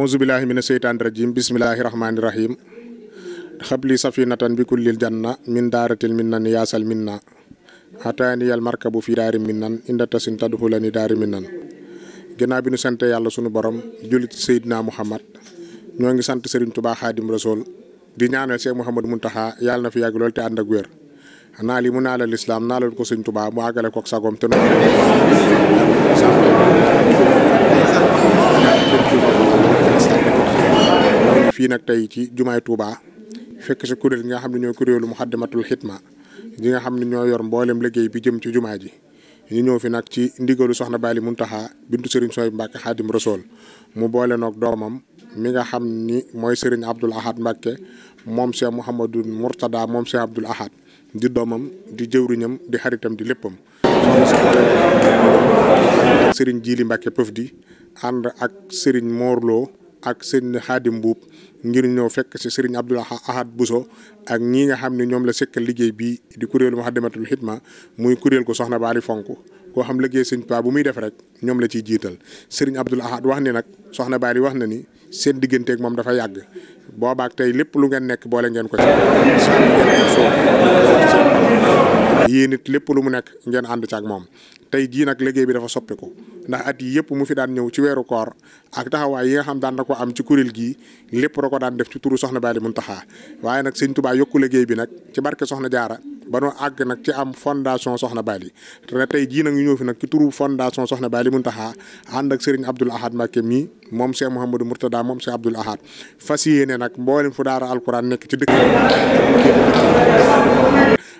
auzu billahi mina seytaani rajim bismillahi rahmaani rahim xabli safinatan bi kullil janna min daaratil minnan yaasal minna ataaniyal markabu fi daari minnan inda tasin tadxulani daari minnan ginnaaw bi nu sant yàlla sunu borom jullit Seydina Muhammad ñoo ngi sant Serigne Touba Xaadim Rasool di ñaanal Cheikh Mouhamadou Mountakha yàlla na fi lool te ànd ak wér naa mu naalal lislaam naalal ko Serigne Touba mu àggale ko ak fii nag tey ci jumaay Touba fekk si kuréel gi nga xam ne ñooy kuréelu Muxaddamatul Xidma gi nga xam ne ñoo yor mboolem liggéey bi jëm ci jumaa ji ñu ñëw fi nag ci ndigalu soxna Bali Muntaxa bintu Serigne Sooy Mbàkke Xaadim Rasool mu boole noog doomam mi nga xam ni mooy Serigne Abdoul Ahad Mbàkke moom Cheikh Mouhamadou Mourtada moom Cheikh Abdoul Ahad di doomam di jëwriñam di xaritam di léppam. Serigne Jili Mbàkke pëf di ak Serigne Morlo. ak seen Xaadim Mbuub ngir ñëw fekk si sëriñ Abdul Ahad Bousso ak ñii nga xam ne ñoom la sekkal liggéey bi di kuréelu Muxaddamatul Xidma muy kuréel ko soxna Baali Fonk koo xam liggéey sëñ bu muy def rek ñoom la ciy jiital sëriñ Abdul Ahad wax ni nag soxna Bali wax na ni seen digganteek moom dafa yàgg boobaak tey lépp lu ngeen nekk boole ngeen ko yéen it lépp lu mu nekk ngeen ànd ci ak moom tey jii nag liggéey bi dafa soppiku ndax at yi yëpp mu fi daan ñëw ci weeru koor ak taxawaay yi nga xam daan na ko am ci kuréel gii lépp da ko daan def ci turu soxna Bali taxaa waaye nag sëñ yokku liggéey bi nag ci barke soxna jaara ba noo àgg nag ci am fondation Soxna Bally te tey jii nag ñu ñëw fi nag ci turu fondation Soxna Bally Mountakha ànd ak Serigne Abdoul Ahad Mbacké mii moom Cheikh Mouhamadou Mourtada moom Cheikh Abdoul Ahad fas yéene nag mboolem fu daara alquran nekk ci dëkk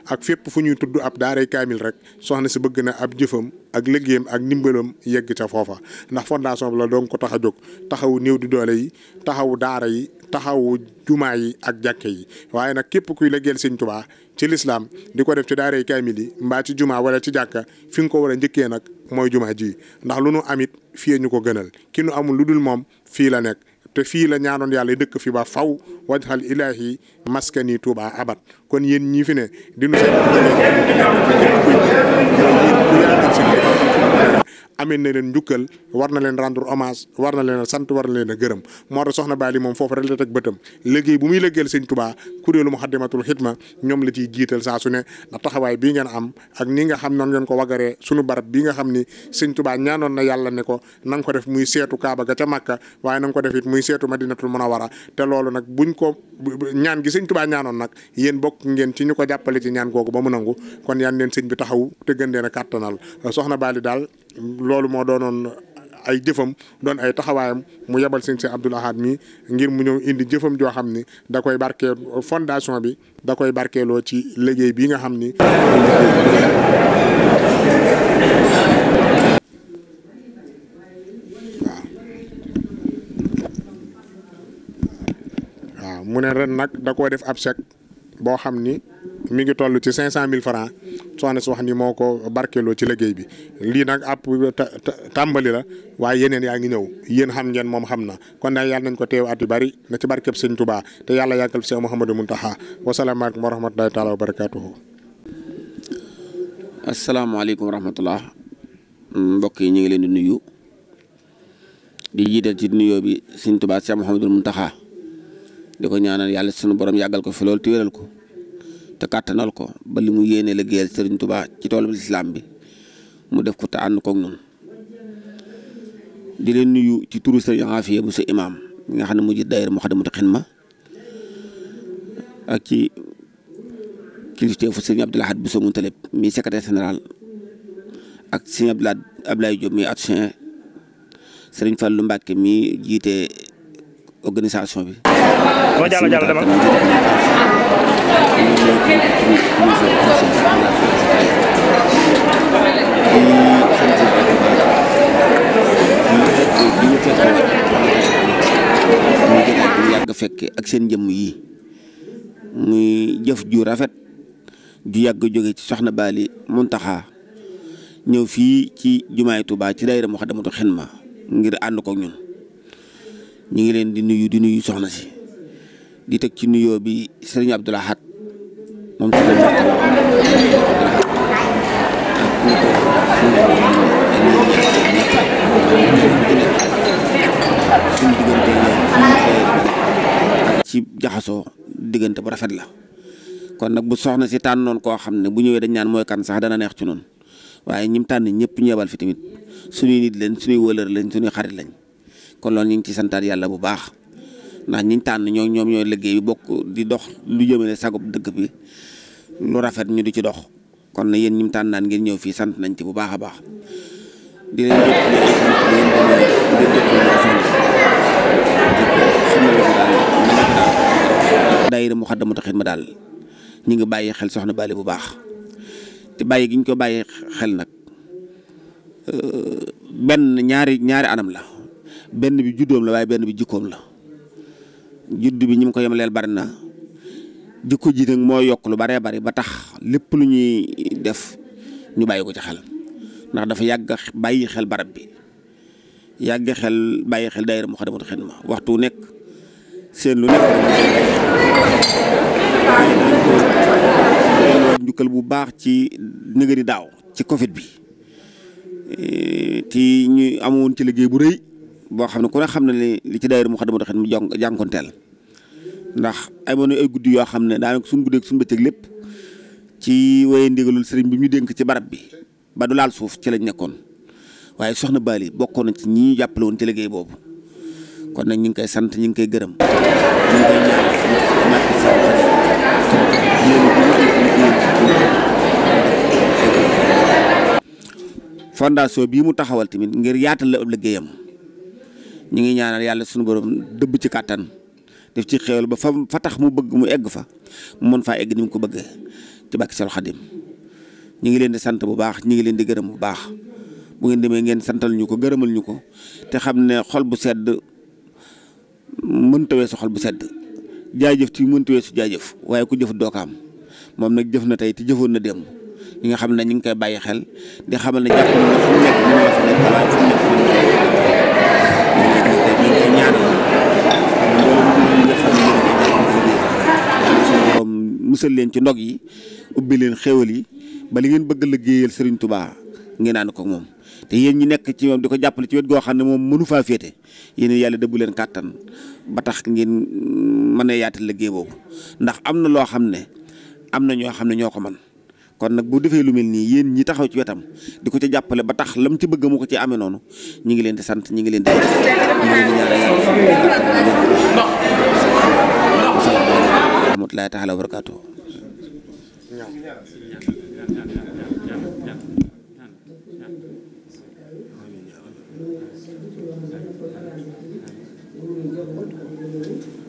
ak fépp fu ñuy tudd ab daaray kaamil rek soxna si bëgg na ab jëfam ak liggéeyam ak ndimbalam yegg ca foofa ndax fondation bi la doon ko tax a jóg taxawu néew di doole yi taxawu daara yi taxawu jumaa yi ak jàkke yi waaye nag képp kuy liggéeyal Sëñ Tuubaa ci lislaam di ko def ci daaray kaamil yi mbaa ci jumaa wala ci jàkka fi nga ko war a njëkkee nag mooy jumaa ji ndax lu nu amit fii ñu ko gënal ki nu amul lu dul moom fii la nekk te fii la ñaanoon yàlla dëkk fi ba faw wajxal ilaahi maskani tuuba abat kon yéen ñi fi ne di nu amee na leen njukkal war na leen rendre hommage war na leen a sant war na leen a gërëm moo tax soxna Bally moom foofu rek la teg bëtam liggéey bu muy liggéeyal sëñ Tuubaa kuréelu Muxaddamatul Xidma ñoom la ciy jiital saa su ne ni nga xam noonu ngeen ko wagaree sunu barab bi nga xam ni sëñ Tuubaa ñaanoon na yàlla ne ko na nga ko def muy seetu Kaaba ga ca Màkka waaye na ko def muy seetu a Munawara te loolu nag buñ ko ñaan gi sëñ Tuubaa ñaanoon nag yéen bokk ngeen ci ñu ko jàppale ci ñaan googu ba mu nangu kon yaa leen sëñ bi taxaw te gën a loolu moo doonoon ay jëfam doon ay taxawaayam mu yebal sëñ si Abdoul Ahad ngir mu ñëw indi jëfam joo xam ni da koy barkeel fondation bi da koy barkeeloo ci liggéey bi nga xam ni. waaw mu ne ren nag da koo def ab chèque boo xam ni mu ngi toll ci cinq cent mille francs soxna si wax ni moo ko barkeeloo ci liggéey bi lii nag app tàmbali la waaye yeneen yaa ngi ñëw yéen xam ngeen moom xam na kon nag yàlla nañ ko teew at bari na ci barkeb sëñ Touba te yàlla yàggal fi Cheikh Mouhamadou Mountakha wasalaamaaleykum wa rahmatulahi taala wa barakaatuhu. asalaamaaleykum wa rahmatulah mbokk yi ñu ngi leen di nuyu di jiital ci nuyoo bi sëñ Touba Cheikh Mouhamadou Mountakha di ko ñaanal yàlla sunu borom yàggal ko fi lool te ko. te kàttanal ko ba li mu yéene liggéeyal sëriñ Tuubaa ci toolu lislaam bi mu def ko te ànd koog noonu di leen nuyu ci turu sëriñ Afiya nga xam ne mu ji daayira Moukhaddamatoul Khidma ak ci kilifteefu sëriñ Abdou Lahad bu sa Muntalib mi secrétaire général ak sëriñ Abdoulaye Abdoulaye Diop mi adjoint sëriñ Fallou Mbacke mi jiite organisation bi. fekke ak seen jëmm yi muy jëf ju rafet ju yàgg jóge ci soxna Baali Muntaxa ñëw fii ci jumaay Tuubaa ci daayira Muxaddamatul Xidma ngir ànd ko ñun ñu ngi leen di nuyu di nuyu soxna si di teg ci nuyoo bi sëriñ Abdoul Ahad moom si la suñu diggante ci diggante bu rafet la kon nag bu soxna si tànnoon koo xam ne bu ñëwee dañ ñaan mooy kan sax dana neex ci noonu waaye ñim tànn ñëpp ñeebal fi tamit suñuy nit leen suñuy wëlër lañ suñuy xarit lañ kon loolu ñu ngi ci santaat yàlla bu baax ndax ñiñ tànn ñoo ñoom ñooy liggéey bi bokk di dox lu jëmale sagub dëkk bi lu rafet ñu di ci dox kon na yéen ñim tànn naan ngeen ñëw fii sant nañ ci bu baax a baax di leen jot daayira Muxaddamtul ma daal ñu ngi bàyyi xel soxna Bali bu baax te bàyyi gi ñu ko bàyyi xel nag euh, benn ñaari ñaari anam la benn bi juddoom la waaye benn bi jikkoom la juddu bi ñi mu ko yemleel bari na jikko ji nag moo yokk lu baree bari ba tax lépp lu ñuy def ñu bàyyi ko ci xel ndax dafa yàgg bàyyi xel barab bi yàgg xel bàyyi xel daayira Moukhaddamatoul Khidma waxtu nekk seen njukkal bu baax ci nëgëri daaw ci Covid bi ci eh, ñu amoon ci liggéey bu rëy boo xam ne ku ne xam ne li ci daayira Moukhaddamatoul Khidma jànkonteel ndax amoon na ay guddi yoo xam ne daanaka suñ guddeeg suñ bëccëg lépp ci waye ndigalul sëriñ bi ñu dénk ci barab bi ba du laal suuf ci lañ nekkoon waaye soxna Bali bokkoon na ci ñi ñu jàppale woon ci liggéey boobu kon nag ñu ngi koy sant ñu ngi koy gërëm ñu ngi ñaanal fondation bii mu taxawal tamit ngir yaatal la liggéeyam ñu ngi ñaanal yàlla suñu borom dëbb ci kàttan def ci xéewal ba fa fa tax mu bëgg mu egg fa mu mën faa egg ni mu ko bëggee ci bàkki Seex Xaadim ñu ngi leen di sant bu baax ñu ngi leen di gërëm bu baax bu ngeen demee ngeen santal ñu ko gërëmal ñu ko te xam ne xol bu sedd mënta weesu xol bu sedd jaajëf ci mënta weesu jaajëf waaye ku jëf dookaam moom nag jëf na tey te jëfoon na démb ñi nga xam ne ñu ngi koy bàyyi xel di xamal ne jàpp na fu mu nekk ñu ngi fa nekk waaye fu mu ñu ngi koy ñaanal musal leen ci ndog yi ubbi leen xéwal yi ba li ngeen bëgg liggéeyal Serigne tubaa ngeen ànd ko moom te yéen ñi nekk ci moom di ko jàppale ci wet goo xam ne moom mënu faa féete yéen yàlla dëbbu leen kàttan ba tax ngeen mën a yaatal liggéey boobu ndax am na loo xam ne am na ñoo xam ne ñoo ko man kon nag bu defee lu mel nii yéen ñi taxaw ci wetam di ko ca jàppale ba tax lam ci bëgg mu ko ci amee noonu ñu ngi leen di sant ñu ngi leen di. laata taala wa